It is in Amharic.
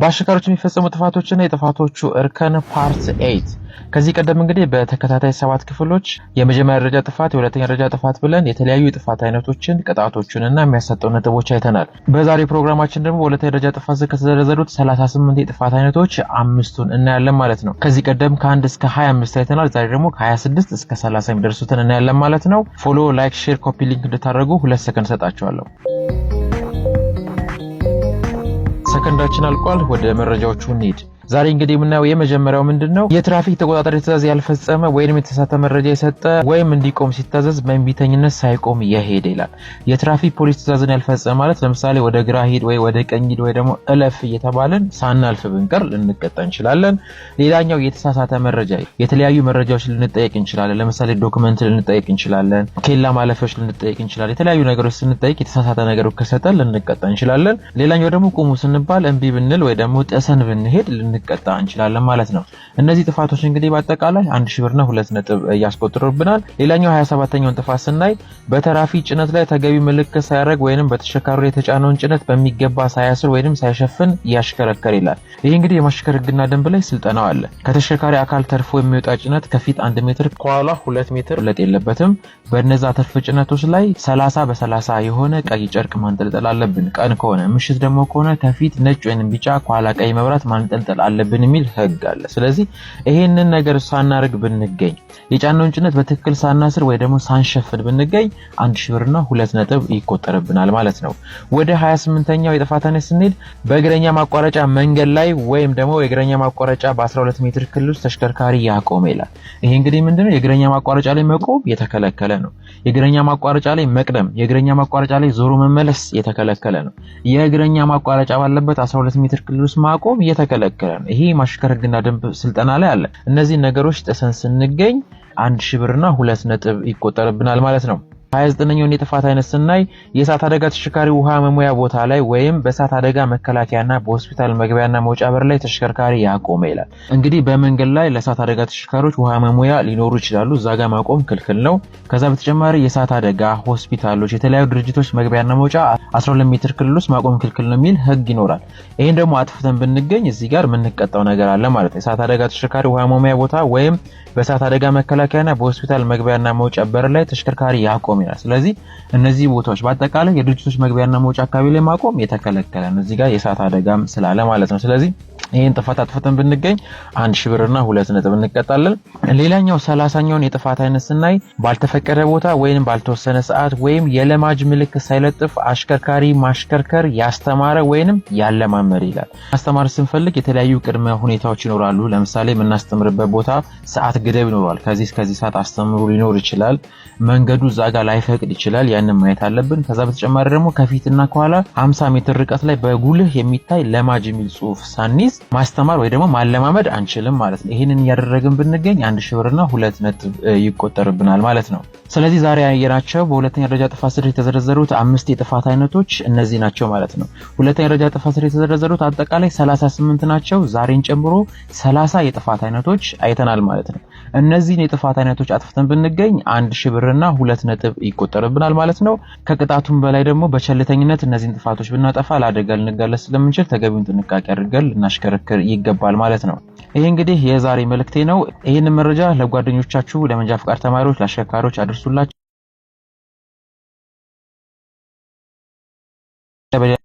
በአሽከርካሪዎች የሚፈጸሙ ጥፋቶችና የጥፋቶቹ እርከን ፓርት ኤይት። ከዚህ ቀደም እንግዲህ በተከታታይ ሰባት ክፍሎች የመጀመሪያ ደረጃ ጥፋት፣ የሁለተኛ ደረጃ ጥፋት ብለን የተለያዩ የጥፋት አይነቶችን፣ ቅጣቶችን እና የሚያሰጠው ነጥቦች አይተናል። በዛሬ ፕሮግራማችን ደግሞ በሁለተኛ ደረጃ ጥፋት ስር ከተዘረዘሩት 38 የጥፋት አይነቶች አምስቱን እናያለን ማለት ነው። ከዚህ ቀደም ከአንድ እስከ 25 አይተናል። ዛሬ ደግሞ ከ26 እስከ 30 የሚደርሱትን እናያለን ማለት ነው። ፎሎ፣ ላይክ፣ ሼር፣ ኮፒ ሊንክ እንድታደርጉ ሁለት ሰከንድ ሰጣችኋለሁ። ሰከንዳችን አልቋል። ወደ መረጃዎቹ እንሂድ። ዛሬ እንግዲህ የምናየው የመጀመሪያው ምንድን ነው የትራፊክ ተቆጣጣሪ ትእዛዝ ያልፈጸመ ወይም የተሳሳተ መረጃ የሰጠ ወይም እንዲቆም ሲታዘዝ በእምቢተኝነት ሳይቆም የሄደ ይላል። የትራፊክ ፖሊስ ትእዛዝን ያልፈጸመ ማለት ለምሳሌ ወደ ግራ ሂድ ወይ ወደ ቀኝ ሂድ ወይ ደግሞ እለፍ እየተባልን ሳናልፍ ብንቀር ልንቀጣ እንችላለን። ሌላኛው የተሳሳተ መረጃ፣ የተለያዩ መረጃዎች ልንጠየቅ እንችላለን። ለምሳሌ ዶክመንት ልንጠየቅ እንችላለን፣ ኬላ ማለፊያዎች ልንጠየቅ እንችላለን። የተለያዩ ነገሮች ስንጠይቅ የተሳሳተ ነገር ከሰጠን ልንቀጣ እንችላለን። ሌላኛው ደግሞ ቁሙ ስንባል እምቢ ብንል ወይ ደግሞ ጥሰን ብንሄድ ልንቀጣ እንችላለን ማለት ነው። እነዚህ ጥፋቶች እንግዲህ በአጠቃላይ አንድ ሺ ብርና ሁለት ነጥብ እያስቆጥሩብናል። ሌላኛው ሀያ ሰባተኛውን ጥፋት ስናይ በተራፊ ጭነት ላይ ተገቢ ምልክት ሳያደርግ ወይንም በተሽከርካሪ የተጫነውን ጭነት በሚገባ ሳያስር ወይንም ሳይሸፍን እያሽከረከር ይላል። ይህ እንግዲህ የማሽከር ህግና ደንብ ላይ ስልጠናው አለ። ከተሸካሪ አካል ተርፎ የሚወጣ ጭነት ከፊት አንድ ሜትር ከኋላ ሁለት ሜትር ለጥ የለበትም። በነዛ ተርፍ ጭነቶች ላይ ሰላሳ በሰላሳ የሆነ ቀይ ጨርቅ ማንጠልጠል አለብን። ቀን ከሆነ ምሽት ደግሞ ከሆነ ከፊት ነጭ ወይም ቢጫ ከኋላ ቀይ መብራት ማንጠልጠል አለብን የሚል ህግ አለ። ስለዚህ ይሄንን ነገር ሳናርግ ብንገኝ የጫነውን ጭነት በትክክል ሳናስር ወይ ደግሞ ሳንሸፍን ብንገኝ አንድ ሺህ ብርና ሁለት ነጥብ ይቆጠርብናል ማለት ነው። ወደ 28ኛው የጥፋት አይነት ስንሄድ በእግረኛ ማቋረጫ መንገድ ላይ ወይም ደግሞ የእግረኛ ማቋረጫ በ12 ሜትር ክልል ውስጥ ተሽከርካሪ ያቆመ ይላል። ይሄ እንግዲህ ምንድነው የእግረኛ ማቋረጫ ላይ መቆም የተከለከለ ነው። የእግረኛ ማቋረጫ ላይ መቅደም፣ የእግረኛ ማቋረጫ ላይ ዞሮ መመለስ የተከለከለ ነው። የእግረኛ ማቋረጫ ባለበት 12 ሜትር ክልል ውስጥ ማቆም የተከለከለ ይሄ የማሽከር ህግና ደንብ ስልጠና ላይ አለ። እነዚህ ነገሮች ጥሰን ስንገኝ አንድ ሺህ ብርና ሁለት ነጥብ ይቆጠርብናል ማለት ነው። 29ኛውን የጥፋት አይነት ስናይ የእሳት አደጋ ተሽከርካሪ ውሃ መሙያ ቦታ ላይ ወይም በእሳት አደጋ መከላከያና በሆስፒታል መግቢያና መውጫ በር ላይ ተሽከርካሪ ያቆመ ይላል። እንግዲህ በመንገድ ላይ ለእሳት አደጋ ተሽከርካሪዎች ውሃ መሙያ ሊኖሩ ይችላሉ። እዛ ማቆም ክልክል ነው። ከዛ በተጨማሪ የእሳት አደጋ ሆስፒታሎች፣ የተለያዩ ድርጅቶች መግቢያና መውጫ 12 ሜትር ክልል ውስጥ ማቆም ክልክል ነው የሚል ህግ ይኖራል። ይህን ደግሞ አጥፍተን ብንገኝ እዚህ ጋር የምንቀጣው ነገር አለ ማለት ነው። የእሳት አደጋ ተሽከርካሪ ውሃ መሙያ ቦታ ወይም በእሳት አደጋ መከላከያና በሆስፒታል መግቢያና መውጫ በር ላይ ተሽከርካሪ ያቆመ ይላል። ስለዚህ እነዚህ ቦታዎች በአጠቃላይ የድርጅቶች መግቢያና መውጫ አካባቢ ላይ ማቆም የተከለከለ ነው። እዚህ ጋር የእሳት አደጋም ስላለ ማለት ነው። ስለዚህ ይህን ጥፋት አጥፍተን ብንገኝ አንድ ሺህ ብርና ሁለት ነጥብ እንቀጣለን። ሌላኛው ሰላሳኛውን የጥፋት አይነት ስናይ ባልተፈቀደ ቦታ ወይም ባልተወሰነ ሰዓት ወይም የለማጅ ምልክት ሳይለጥፍ አሽከርካሪ ማሽከርከር ያስተማረ ወይንም ያለማመር ይላል። ማስተማር ስንፈልግ የተለያዩ ቅድመ ሁኔታዎች ይኖራሉ። ለምሳሌ የምናስተምርበት ቦታ ሰዓት ገደብ ይኖረዋል። ከዚህ እስከዚህ ሰዓት አስተምሩ ሊኖር ይችላል። መንገዱ እዛ ጋር ላይፈቅድ ይችላል። ያንን ማየት አለብን። ከዛ በተጨማሪ ደግሞ ከፊትና ከኋላ 50 ሜትር ርቀት ላይ በጉልህ የሚታይ ለማጅ የሚል ጽሁፍ ሳንይዝ ማስተማር ወይ ደግሞ ማለማመድ አንችልም ማለት ነው። ይህንን እያደረግን ብንገኝ አንድ ሺህ ብርና ሁለት ነጥብ ይቆጠርብናል ማለት ነው። ስለዚህ ዛሬ ያየናቸው በሁለተኛ ደረጃ ጥፋት ስር የተዘረዘሩት አምስት የጥፋት አይነቶች እነዚህ ናቸው ማለት ነው። ሁለተኛ ደረጃ ጥፋት ስር የተዘረዘሩት አጠቃላይ 38 ናቸው። ዛሬን ጨምሮ 30 የጥፋት አይነቶች አይተናል ማለት ነው። እነዚህን የጥፋት አይነቶች አጥፍተን ብንገኝ አንድ ሽብርና ብርና ሁለት ነጥብ ይቆጠርብናል ማለት ነው። ከቅጣቱም በላይ ደግሞ በቸልተኝነት እነዚህን ጥፋቶች ብናጠፋ ለአደጋ ልንጋለጥ ስለምንችል ተገቢውን ጥንቃቄ አድርገን ልናሽከረክር ይገባል ማለት ነው። ይህ እንግዲህ የዛሬ መልእክቴ ነው። ይህንን መረጃ ለጓደኞቻችሁ፣ ለመንጃ ፍቃድ ተማሪዎች፣ ለአሽከርካሪዎች አድርሱላቸው።